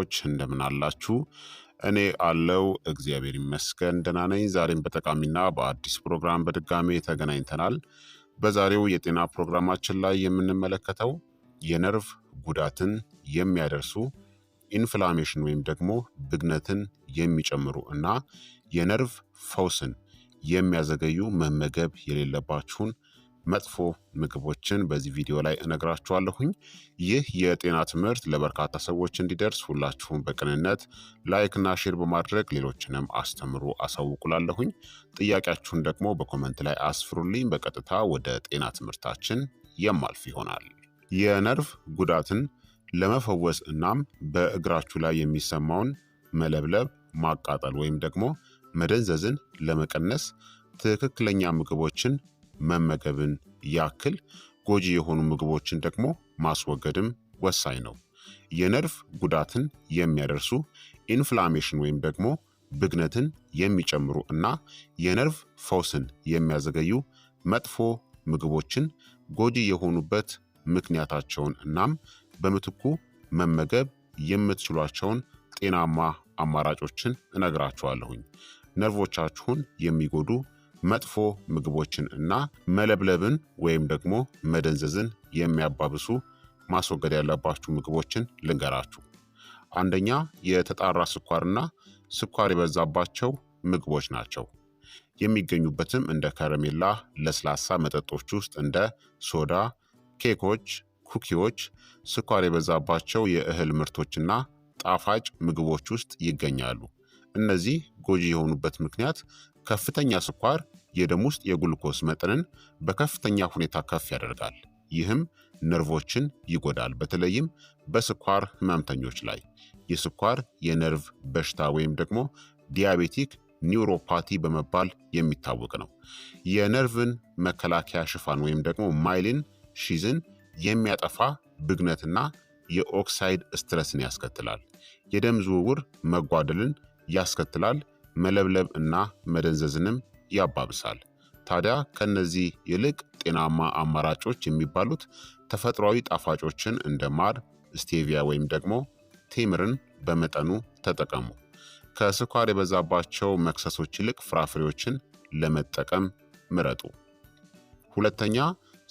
ዎች እንደምን አላችሁ? እኔ አለው እግዚአብሔር ይመስገን ደህና ነኝ። ዛሬም በጠቃሚና በአዲስ ፕሮግራም በድጋሜ ተገናኝተናል። በዛሬው የጤና ፕሮግራማችን ላይ የምንመለከተው የነርቭ ጉዳትን የሚያደርሱ ኢንፍላሜሽን ወይም ደግሞ ብግነትን የሚጨምሩ እና የነርቭ ፈውስን የሚያዘገዩ መመገብ የሌለባችሁን መጥፎ ምግቦችን በዚህ ቪዲዮ ላይ እነግራችኋለሁኝ። ይህ የጤና ትምህርት ለበርካታ ሰዎች እንዲደርስ ሁላችሁም በቅንነት ላይክ እና ሼር በማድረግ ሌሎችንም አስተምሩ አሳውቁላለሁኝ። ጥያቄያችሁን ደግሞ በኮመንት ላይ አስፍሩልኝ። በቀጥታ ወደ ጤና ትምህርታችን የማልፍ ይሆናል። የነርቭ ጉዳትን ለመፈወስ እናም በእግራችሁ ላይ የሚሰማውን መለብለብ፣ ማቃጠል ወይም ደግሞ መደንዘዝን ለመቀነስ ትክክለኛ ምግቦችን መመገብን ያክል ጎጂ የሆኑ ምግቦችን ደግሞ ማስወገድም ወሳኝ ነው። የነርቭ ጉዳትን የሚያደርሱ ኢንፍላሜሽን ወይም ደግሞ ብግነትን የሚጨምሩ እና የነርቭ ፈውስን የሚያዘገዩ መጥፎ ምግቦችን ጎጂ የሆኑበት ምክንያታቸውን እናም በምትኩ መመገብ የምትችሏቸውን ጤናማ አማራጮችን እነግራችኋለሁኝ። ነርቮቻችሁን የሚጎዱ መጥፎ ምግቦችን እና መለብለብን ወይም ደግሞ መደንዘዝን የሚያባብሱ ማስወገድ ያለባችሁ ምግቦችን ልንገራችሁ። አንደኛ የተጣራ ስኳርና ስኳር የበዛባቸው ምግቦች ናቸው። የሚገኙበትም እንደ ከረሜላ፣ ለስላሳ መጠጦች ውስጥ እንደ ሶዳ፣ ኬኮች፣ ኩኪዎች፣ ስኳር የበዛባቸው የእህል ምርቶችና ጣፋጭ ምግቦች ውስጥ ይገኛሉ። እነዚህ ጎጂ የሆኑበት ምክንያት ከፍተኛ ስኳር የደም ውስጥ የጉልኮስ መጠንን በከፍተኛ ሁኔታ ከፍ ያደርጋል። ይህም ነርቮችን ይጎዳል፣ በተለይም በስኳር ህመምተኞች ላይ። የስኳር የነርቭ በሽታ ወይም ደግሞ ዲያቤቲክ ኒውሮፓቲ በመባል የሚታወቅ ነው። የነርቭን መከላከያ ሽፋን ወይም ደግሞ ማይሊን ሺዝን የሚያጠፋ ብግነትና የኦክሳይድ ስትረስን ያስከትላል። የደም ዝውውር መጓደልን ያስከትላል። መለብለብ እና መደንዘዝንም ያባብሳል። ታዲያ ከነዚህ ይልቅ ጤናማ አማራጮች የሚባሉት ተፈጥሯዊ ጣፋጮችን እንደ ማር፣ ስቴቪያ ወይም ደግሞ ቴምርን በመጠኑ ተጠቀሙ። ከስኳር የበዛባቸው መክሰሶች ይልቅ ፍራፍሬዎችን ለመጠቀም ምረጡ። ሁለተኛ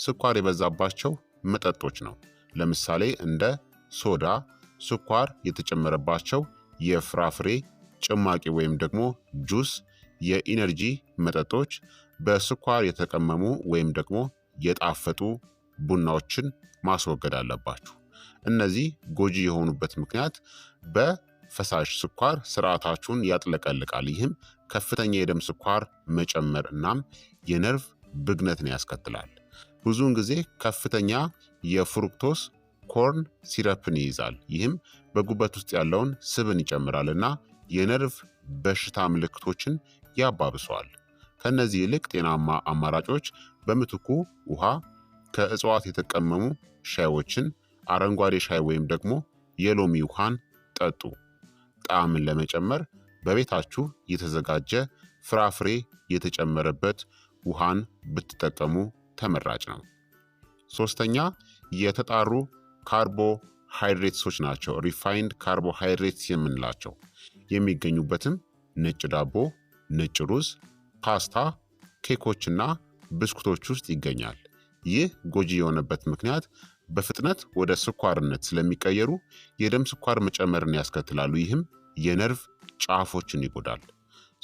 ስኳር የበዛባቸው መጠጦች ነው። ለምሳሌ እንደ ሶዳ ስኳር የተጨመረባቸው የፍራፍሬ ጭማቂ ወይም ደግሞ ጁስ፣ የኢነርጂ መጠጦች፣ በስኳር የተቀመሙ ወይም ደግሞ የጣፈጡ ቡናዎችን ማስወገድ አለባችሁ። እነዚህ ጎጂ የሆኑበት ምክንያት በፈሳሽ ስኳር ስርዓታችሁን ያጥለቀልቃል። ይህም ከፍተኛ የደም ስኳር መጨመር እናም የነርቭ ብግነትን ያስከትላል። ብዙውን ጊዜ ከፍተኛ የፍሩክቶስ ኮርን ሲረፕን ይይዛል። ይህም በጉበት ውስጥ ያለውን ስብን ይጨምራል እና። የነርቭ በሽታ ምልክቶችን ያባብሰዋል። ከነዚህ ይልቅ ጤናማ አማራጮች በምትኩ ውሃ፣ ከእጽዋት የተቀመሙ ሻዮችን፣ አረንጓዴ ሻይ ወይም ደግሞ የሎሚ ውሃን ጠጡ። ጣዕምን ለመጨመር በቤታችሁ የተዘጋጀ ፍራፍሬ የተጨመረበት ውሃን ብትጠቀሙ ተመራጭ ነው። ሶስተኛ የተጣሩ ካርቦ ሃይድሬትሶች ናቸው። ሪፋይንድ ካርቦ ሃይድሬትስ የምንላቸው የሚገኙበትም ነጭ ዳቦ፣ ነጭ ሩዝ፣ ፓስታ፣ ኬኮችና ብስኩቶች ውስጥ ይገኛል። ይህ ጎጂ የሆነበት ምክንያት በፍጥነት ወደ ስኳርነት ስለሚቀየሩ የደም ስኳር መጨመርን ያስከትላሉ። ይህም የነርቭ ጫፎችን ይጎዳል።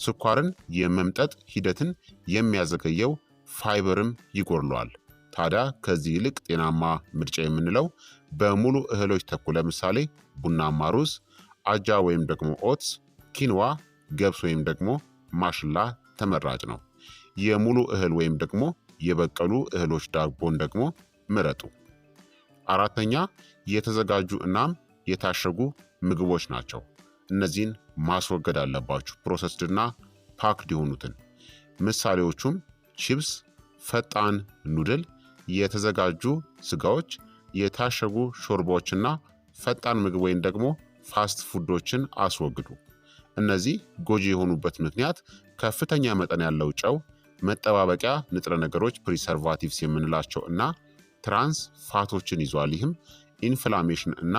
ስኳርን የመምጠጥ ሂደትን የሚያዘገየው ፋይበርም ይጎድለዋል። ታዲያ ከዚህ ይልቅ ጤናማ ምርጫ የምንለው በሙሉ እህሎች ተኩ ለምሳሌ ቡናማ ሩዝ፣ አጃ ወይም ደግሞ ኦትስ፣ ኪንዋ፣ ገብስ ወይም ደግሞ ማሽላ ተመራጭ ነው። የሙሉ እህል ወይም ደግሞ የበቀሉ እህሎች ዳቦን ደግሞ ምረጡ። አራተኛ የተዘጋጁ እናም የታሸጉ ምግቦች ናቸው። እነዚህን ማስወገድ አለባችሁ፣ ፕሮሰስድና ፓክድ የሆኑትን። ምሳሌዎቹም ቺፕስ፣ ፈጣን ኑድል፣ የተዘጋጁ ስጋዎች፣ የታሸጉ ሾርባዎችና ፈጣን ምግብ ወይም ደግሞ ፋስት ፉዶችን አስወግዱ። እነዚህ ጎጂ የሆኑበት ምክንያት ከፍተኛ መጠን ያለው ጨው፣ መጠባበቂያ ንጥረ ነገሮች ፕሪሰርቫቲቭስ የምንላቸው እና ትራንስ ፋቶችን ይዟል። ይህም ኢንፍላሜሽን እና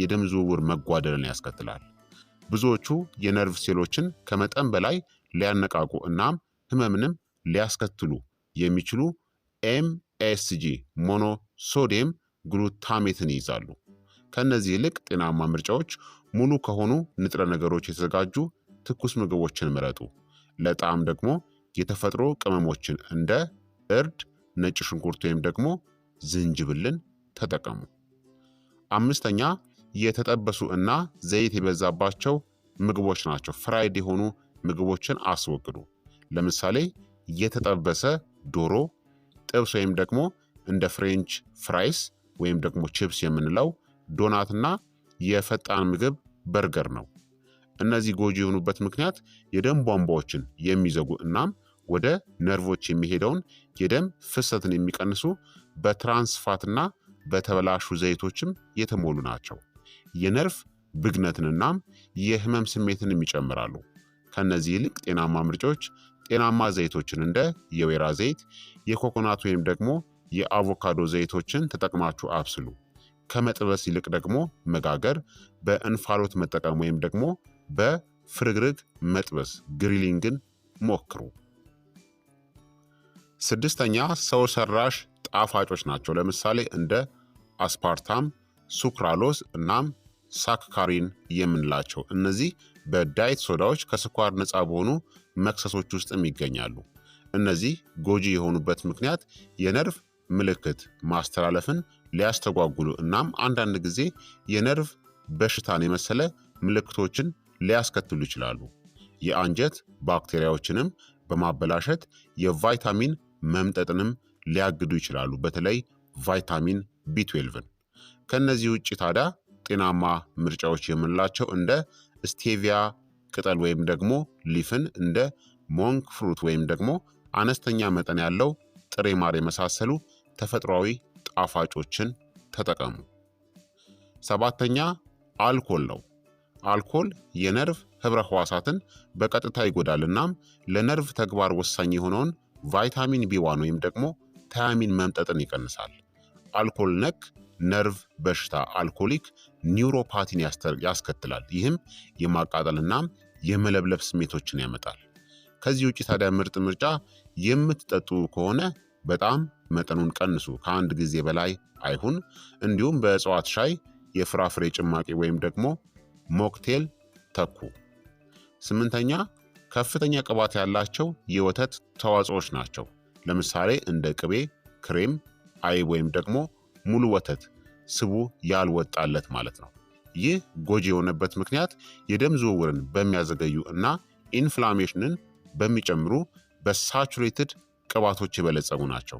የደም ዝውውር መጓደልን ያስከትላል። ብዙዎቹ የነርቭ ሴሎችን ከመጠን በላይ ሊያነቃቁ እናም ህመምንም ሊያስከትሉ የሚችሉ ኤምኤስጂ ሞኖሶዴም ግሉታሜትን ይይዛሉ። ከእነዚህ ይልቅ ጤናማ ምርጫዎች ሙሉ ከሆኑ ንጥረ ነገሮች የተዘጋጁ ትኩስ ምግቦችን ምረጡ። ለጣዕም ደግሞ የተፈጥሮ ቅመሞችን እንደ እርድ፣ ነጭ ሽንኩርት ወይም ደግሞ ዝንጅብልን ተጠቀሙ። አምስተኛ የተጠበሱ እና ዘይት የበዛባቸው ምግቦች ናቸው። ፍራይድ የሆኑ ምግቦችን አስወግዱ። ለምሳሌ የተጠበሰ ዶሮ ጥብስ ወይም ደግሞ እንደ ፍሬንች ፍራይስ ወይም ደግሞ ቺፕስ የምንለው ዶናትና የፈጣን ምግብ በርገር ነው። እነዚህ ጎጂ የሆኑበት ምክንያት የደም ቧንቧዎችን የሚዘጉ እናም ወደ ነርቮች የሚሄደውን የደም ፍሰትን የሚቀንሱ በትራንስፋትና በተበላሹ ዘይቶችም የተሞሉ ናቸው። የነርቭ ብግነትን እናም የህመም ስሜትንም ይጨምራሉ። ከእነዚህ ይልቅ ጤናማ ምርጫዎች ጤናማ ዘይቶችን እንደ የወይራ ዘይት፣ የኮኮናት ወይም ደግሞ የአቮካዶ ዘይቶችን ተጠቅማችሁ አብስሉ። ከመጥበስ ይልቅ ደግሞ መጋገር በእንፋሎት መጠቀም ወይም ደግሞ በፍርግርግ መጥበስ ግሪሊንግን ሞክሩ። ስድስተኛ ሰው ሰራሽ ጣፋጮች ናቸው። ለምሳሌ እንደ አስፓርታም፣ ሱክራሎስ እናም ሳክካሪን የምንላቸው እነዚህ በዳይት ሶዳዎች ከስኳር ነፃ በሆኑ መክሰሶች ውስጥም ይገኛሉ። እነዚህ ጎጂ የሆኑበት ምክንያት የነርቭ ምልክት ማስተላለፍን ሊያስተጓጉሉ እናም አንዳንድ ጊዜ የነርቭ በሽታን የመሰለ ምልክቶችን ሊያስከትሉ ይችላሉ። የአንጀት ባክቴሪያዎችንም በማበላሸት የቫይታሚን መምጠጥንም ሊያግዱ ይችላሉ፣ በተለይ ቫይታሚን ቢ 12 ከእነዚህ ውጭ ታዲያ ጤናማ ምርጫዎች የምንላቸው እንደ ስቴቪያ ቅጠል ወይም ደግሞ ሊፍን እንደ ሞንክ ፍሩት ወይም ደግሞ አነስተኛ መጠን ያለው ጥሬ ማር የመሳሰሉ ተፈጥሯዊ ጣፋጮችን ተጠቀሙ። ሰባተኛ አልኮል ነው። አልኮል የነርቭ ህብረ ህዋሳትን በቀጥታ ይጎዳል እናም ለነርቭ ተግባር ወሳኝ የሆነውን ቫይታሚን ቢዋን ወይም ደግሞ ታያሚን መምጠጥን ይቀንሳል። አልኮል ነክ ነርቭ በሽታ አልኮሊክ ኒውሮፓቲን ያስከትላል። ይህም የማቃጠል እናም የመለብለብ ስሜቶችን ያመጣል። ከዚህ ውጭ ታዲያ ምርጥ ምርጫ የምትጠጡ ከሆነ በጣም መጠኑን ቀንሱ። ከአንድ ጊዜ በላይ አይሁን። እንዲሁም በእጽዋት ሻይ፣ የፍራፍሬ ጭማቂ ወይም ደግሞ ሞክቴል ተኩ። ስምንተኛ ከፍተኛ ቅባት ያላቸው የወተት ተዋጽኦች ናቸው። ለምሳሌ እንደ ቅቤ፣ ክሬም፣ አይብ ወይም ደግሞ ሙሉ ወተት ስቡ ያልወጣለት ማለት ነው። ይህ ጎጂ የሆነበት ምክንያት የደም ዝውውርን በሚያዘገዩ እና ኢንፍላሜሽንን በሚጨምሩ በሳቹሬትድ ቅባቶች የበለጸጉ ናቸው።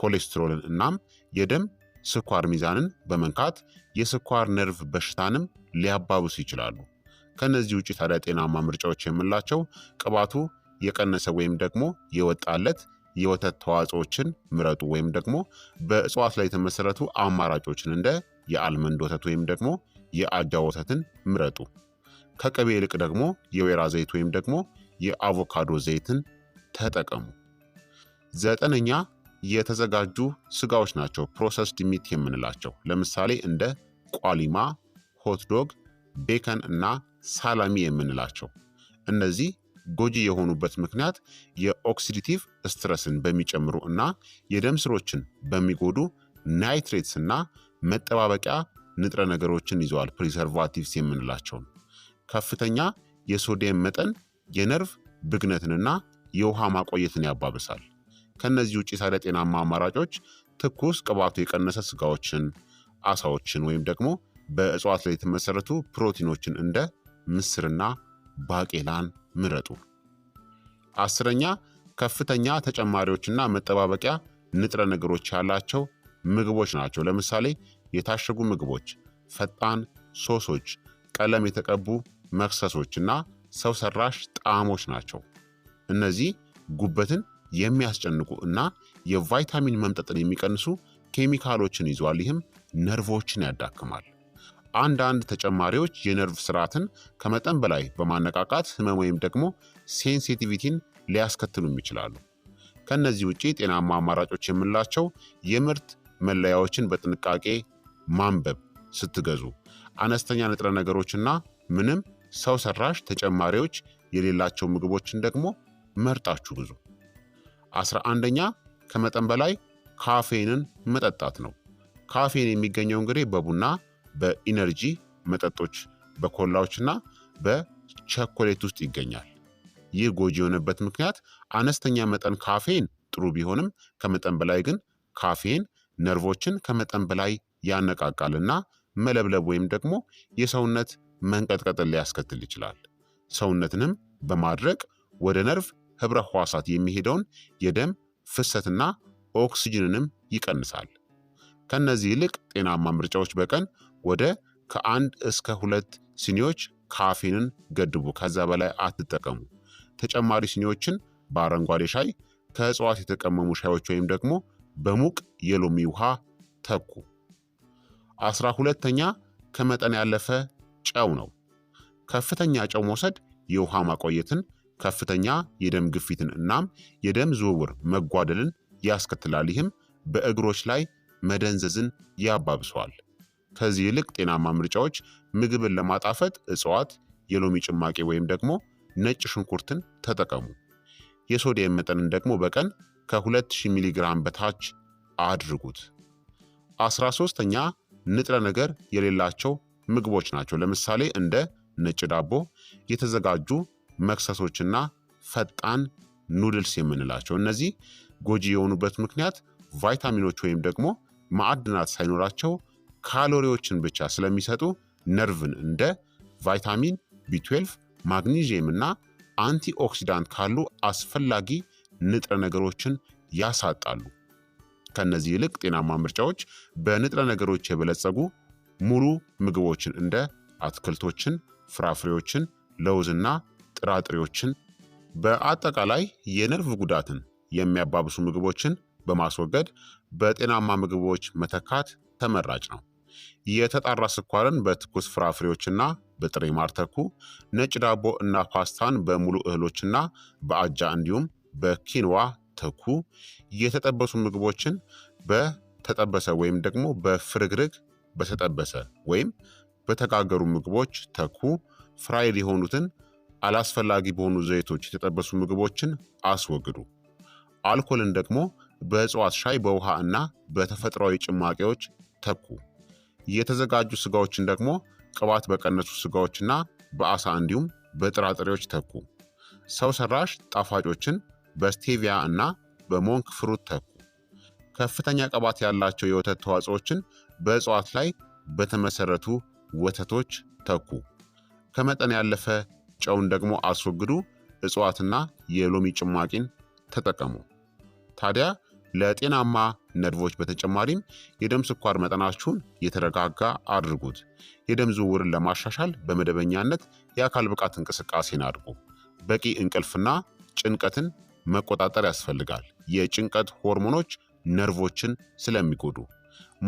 ኮሌስትሮልን እናም የደም ስኳር ሚዛንን በመንካት የስኳር ነርቭ በሽታንም ሊያባብሱ ይችላሉ። ከነዚህ ውጭ ታዲያ ጤናማ ምርጫዎች የምንላቸው ቅባቱ የቀነሰ ወይም ደግሞ የወጣለት የወተት ተዋጽኦችን ምረጡ ወይም ደግሞ በእጽዋት ላይ የተመሰረቱ አማራጮችን እንደ የአልመንድ ወተት ወይም ደግሞ የአጃ ወተትን ምረጡ። ከቅቤ ይልቅ ደግሞ የወይራ ዘይት ወይም ደግሞ የአቮካዶ ዘይትን ተጠቀሙ። ዘጠነኛ የተዘጋጁ ስጋዎች ናቸው ፕሮሰስድ ሚት የምንላቸው። ለምሳሌ እንደ ቋሊማ፣ ሆትዶግ፣ ቤከን እና ሳላሚ የምንላቸው። እነዚህ ጎጂ የሆኑበት ምክንያት የኦክሲዲቲቭ ስትረስን በሚጨምሩ እና የደም ስሮችን በሚጎዱ ናይትሬትስ እና መጠባበቂያ ንጥረ ነገሮችን ይዘዋል። ፕሪዘርቫቲቭስ የምንላቸውን ከፍተኛ የሶዲየም መጠን የነርቭ ብግነትንና የውሃ ማቆየትን ያባብሳል። ከነዚህ ውጭ ታዲያ ጤናማ አማራጮች ትኩስ ቅባቱ የቀነሰ ስጋዎችን፣ አሳዎችን ወይም ደግሞ በእጽዋት ላይ የተመሰረቱ ፕሮቲኖችን እንደ ምስርና ባቄላን ምረጡ። አስረኛ ከፍተኛ ተጨማሪዎችና መጠባበቂያ ንጥረ ነገሮች ያላቸው ምግቦች ናቸው። ለምሳሌ የታሸጉ ምግቦች፣ ፈጣን ሶሶች፣ ቀለም የተቀቡ መክሰሶች እና ሰው ሰራሽ ጣዕሞች ናቸው። እነዚህ ጉበትን የሚያስጨንቁ እና የቫይታሚን መምጠጥን የሚቀንሱ ኬሚካሎችን ይዟል። ይህም ነርቮችን ያዳክማል። አንዳንድ ተጨማሪዎች የነርቭ ስርዓትን ከመጠን በላይ በማነቃቃት ህመም ወይም ደግሞ ሴንሲቲቪቲን ሊያስከትሉም ይችላሉ። ከእነዚህ ውጪ ጤናማ አማራጮች የምንላቸው የምርት መለያዎችን በጥንቃቄ ማንበብ ስትገዙ፣ አነስተኛ ንጥረ ነገሮችና ምንም ሰው ሰራሽ ተጨማሪዎች የሌላቸው ምግቦችን ደግሞ መርጣችሁ ግዙ። አስራ አንደኛ ከመጠን በላይ ካፌንን መጠጣት ነው። ካፌን የሚገኘው እንግዲህ በቡና በኢነርጂ መጠጦች በኮላዎችና በቸኮሌት ውስጥ ይገኛል። ይህ ጎጂ የሆነበት ምክንያት አነስተኛ መጠን ካፌን ጥሩ ቢሆንም ከመጠን በላይ ግን ካፌን ነርቮችን ከመጠን በላይ ያነቃቃልና መለብለብ ወይም ደግሞ የሰውነት መንቀጥቀጥን ሊያስከትል ይችላል። ሰውነትንም በማድረቅ ወደ ነርቭ ህብረ ህዋሳት የሚሄደውን የደም ፍሰትና ኦክስጅንንም ይቀንሳል። ከነዚህ ይልቅ ጤናማ ምርጫዎች በቀን ወደ ከአንድ እስከ ሁለት ስኒዎች ካፌንን ገድቡ። ከዛ በላይ አትጠቀሙ። ተጨማሪ ስኒዎችን በአረንጓዴ ሻይ፣ ከእጽዋት የተቀመሙ ሻዮች ወይም ደግሞ በሙቅ የሎሚ ውሃ ተኩ። አስራ ሁለተኛ ከመጠን ያለፈ ጨው ነው። ከፍተኛ ጨው መውሰድ የውሃ ማቆየትን ከፍተኛ የደም ግፊትን እናም የደም ዝውውር መጓደልን ያስከትላል። ይህም በእግሮች ላይ መደንዘዝን ያባብሰዋል። ከዚህ ይልቅ ጤናማ ምርጫዎች ምግብን ለማጣፈጥ እጽዋት፣ የሎሚ ጭማቂ ወይም ደግሞ ነጭ ሽንኩርትን ተጠቀሙ። የሶዲየም መጠንን ደግሞ በቀን ከ2000 ሚሊ ግራም በታች አድርጉት። 13ተኛ ንጥረ ነገር የሌላቸው ምግቦች ናቸው። ለምሳሌ እንደ ነጭ ዳቦ፣ የተዘጋጁ መክሰሶችና ፈጣን ኑድልስ የምንላቸው እነዚህ ጎጂ የሆኑበት ምክንያት ቫይታሚኖች ወይም ደግሞ ማዕድናት ሳይኖራቸው ካሎሪዎችን ብቻ ስለሚሰጡ ነርቭን እንደ ቫይታሚን ቢ12 ማግኒዥየም እና አንቲኦክሲዳንት ካሉ አስፈላጊ ንጥረ ነገሮችን ያሳጣሉ። ከነዚህ ይልቅ ጤናማ ምርጫዎች በንጥረ ነገሮች የበለጸጉ ሙሉ ምግቦችን እንደ አትክልቶችን፣ ፍራፍሬዎችን፣ ለውዝና ጥራጥሬዎችን፣ በአጠቃላይ የነርቭ ጉዳትን የሚያባብሱ ምግቦችን በማስወገድ በጤናማ ምግቦች መተካት ተመራጭ ነው። የተጣራ ስኳርን በትኩስ ፍራፍሬዎችና በጥሬ ማር ተኩ። ነጭ ዳቦ እና ፓስታን በሙሉ እህሎችና በአጃ እንዲሁም በኪንዋ ተኩ። የተጠበሱ ምግቦችን በተጠበሰ ወይም ደግሞ በፍርግርግ በተጠበሰ ወይም በተጋገሩ ምግቦች ተኩ። ፍራይድ የሆኑትን አላስፈላጊ በሆኑ ዘይቶች የተጠበሱ ምግቦችን አስወግዱ። አልኮልን ደግሞ በእጽዋት ሻይ፣ በውሃ እና በተፈጥሯዊ ጭማቂዎች ተኩ። የተዘጋጁ ስጋዎችን ደግሞ ቅባት በቀነሱ ስጋዎችና በአሳ እንዲሁም በጥራጥሬዎች ተኩ። ሰው ሰራሽ ጣፋጮችን በስቴቪያ እና በሞንክ ፍሩት ተኩ። ከፍተኛ ቅባት ያላቸው የወተት ተዋጽኦችን በእጽዋት ላይ በተመሰረቱ ወተቶች ተኩ። ከመጠን ያለፈ ጨውን ደግሞ አስወግዱ። እጽዋትና የሎሚ ጭማቂን ተጠቀሙ። ታዲያ ለጤናማ ነርቮች በተጨማሪም የደም ስኳር መጠናችሁን የተረጋጋ አድርጉት። የደም ዝውውርን ለማሻሻል በመደበኛነት የአካል ብቃት እንቅስቃሴን አድርጉ። በቂ እንቅልፍና ጭንቀትን መቆጣጠር ያስፈልጋል። የጭንቀት ሆርሞኖች ነርቮችን ስለሚጎዱ፣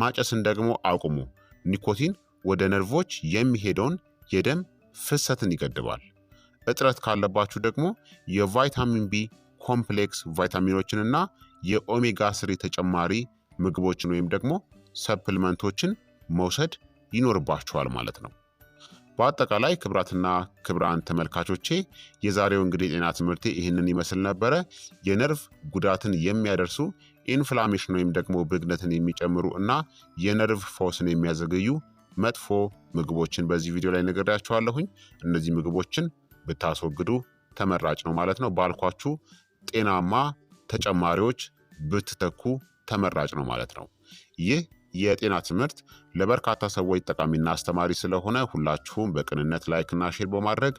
ማጨስን ደግሞ አቁሙ። ኒኮቲን ወደ ነርቮች የሚሄደውን የደም ፍሰትን ይገድባል። እጥረት ካለባችሁ ደግሞ የቫይታሚን ቢ ኮምፕሌክስ ቫይታሚኖችን እና የኦሜጋ ስሪ ተጨማሪ ምግቦችን ወይም ደግሞ ሰፕልመንቶችን መውሰድ ይኖርባችኋል ማለት ነው። በአጠቃላይ ክብራትና ክብራን ተመልካቾቼ የዛሬው እንግዲህ የጤና ትምህርቴ ይህንን ይመስል ነበረ። የነርቭ ጉዳትን የሚያደርሱ ኢንፍላሜሽን ወይም ደግሞ ብግነትን የሚጨምሩ እና የነርቭ ፈውስን የሚያዘገዩ መጥፎ ምግቦችን በዚህ ቪዲዮ ላይ ነገራችኋለሁኝ። እነዚህ ምግቦችን ብታስወግዱ ተመራጭ ነው ማለት ነው። ባልኳችሁ ጤናማ ተጨማሪዎች ብትተኩ ተመራጭ ነው ማለት ነው። ይህ የጤና ትምህርት ለበርካታ ሰዎች ጠቃሚና አስተማሪ ስለሆነ ሁላችሁም በቅንነት ላይክና ሼር በማድረግ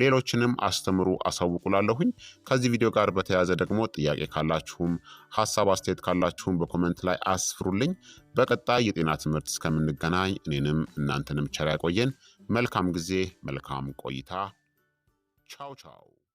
ሌሎችንም አስተምሩ አሳውቁላለሁኝ። ከዚህ ቪዲዮ ጋር በተያያዘ ደግሞ ጥያቄ ካላችሁም ሀሳብ አስተያየት ካላችሁም በኮመንት ላይ አስፍሩልኝ። በቀጣይ የጤና ትምህርት እስከምንገናኝ እኔንም እናንተንም ቸር ያቆየን። መልካም ጊዜ፣ መልካም ቆይታ። Chow Chow.